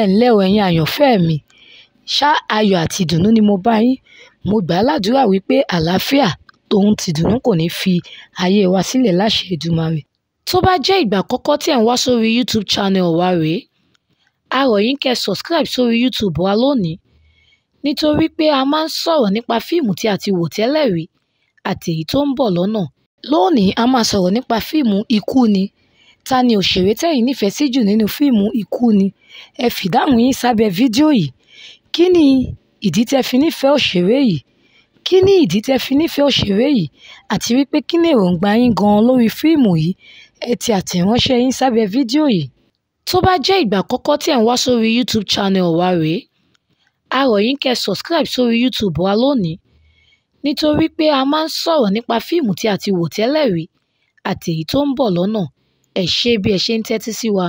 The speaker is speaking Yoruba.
ẹ ǹlẹ́ o ẹ̀yin àyànfẹ́ mi ṣá ayọ̀ àti ìdùnnú ni mo bá yín mo gbà á ládùúrà wípé àlàáfíà tòun tìdùnnú kò ní fi ayé wa sílẹ̀ láṣẹ Èdùmàrè tó bá jẹ́ ìgbà àkọ́kọ́ tí ẹ̀ ń wá sórí YouTube channel wa rèé a rọ̀ yín kẹ́ subscribe sórí YouTube wa lónìí nítorí pé a máa ń sọ̀rọ̀ nípa fíìmù tí a ti wò tẹ́lẹ̀ rí àti èyí tó ń bọ̀ lọ́nà lónìí a máa sọ̀rọ̀ nípa fíìmù Ikú ni ta ni òṣèré tẹ́yin nífẹ̀ẹ́ sí jù nínú fíìmù ìkúni ẹ fìdáhùn yín sábẹ́ fídíò yìí kí ni ìdí tẹ́ fi nífẹ̀ẹ́ òṣèré yìí kí ni ìdí tẹ́ fi nífẹ̀ẹ́ òṣèré yìí àti wípé kí ni èròǹgbà yín gan-an lórí fíìmù yìí ẹ ti àtẹ̀ránṣẹ́ yín sábẹ́ fídíò yìí tó bá jẹ́ ìgbà àkọ́kọ́ tí ẹ̀ ń wá sórí youtube channel wa rèé a rọ̀ yín kẹ́ subscribe sórí youtube wa lónìí nítorí pé a máa ń sọ̀rọ̀ nípa fíìmù tí a ti wò tẹ́lẹ̀ rí àti èyí tó ń bọ̀ lọ́nà Ẹ ṣé bí ẹ ṣe ń tẹ́tí sí wa.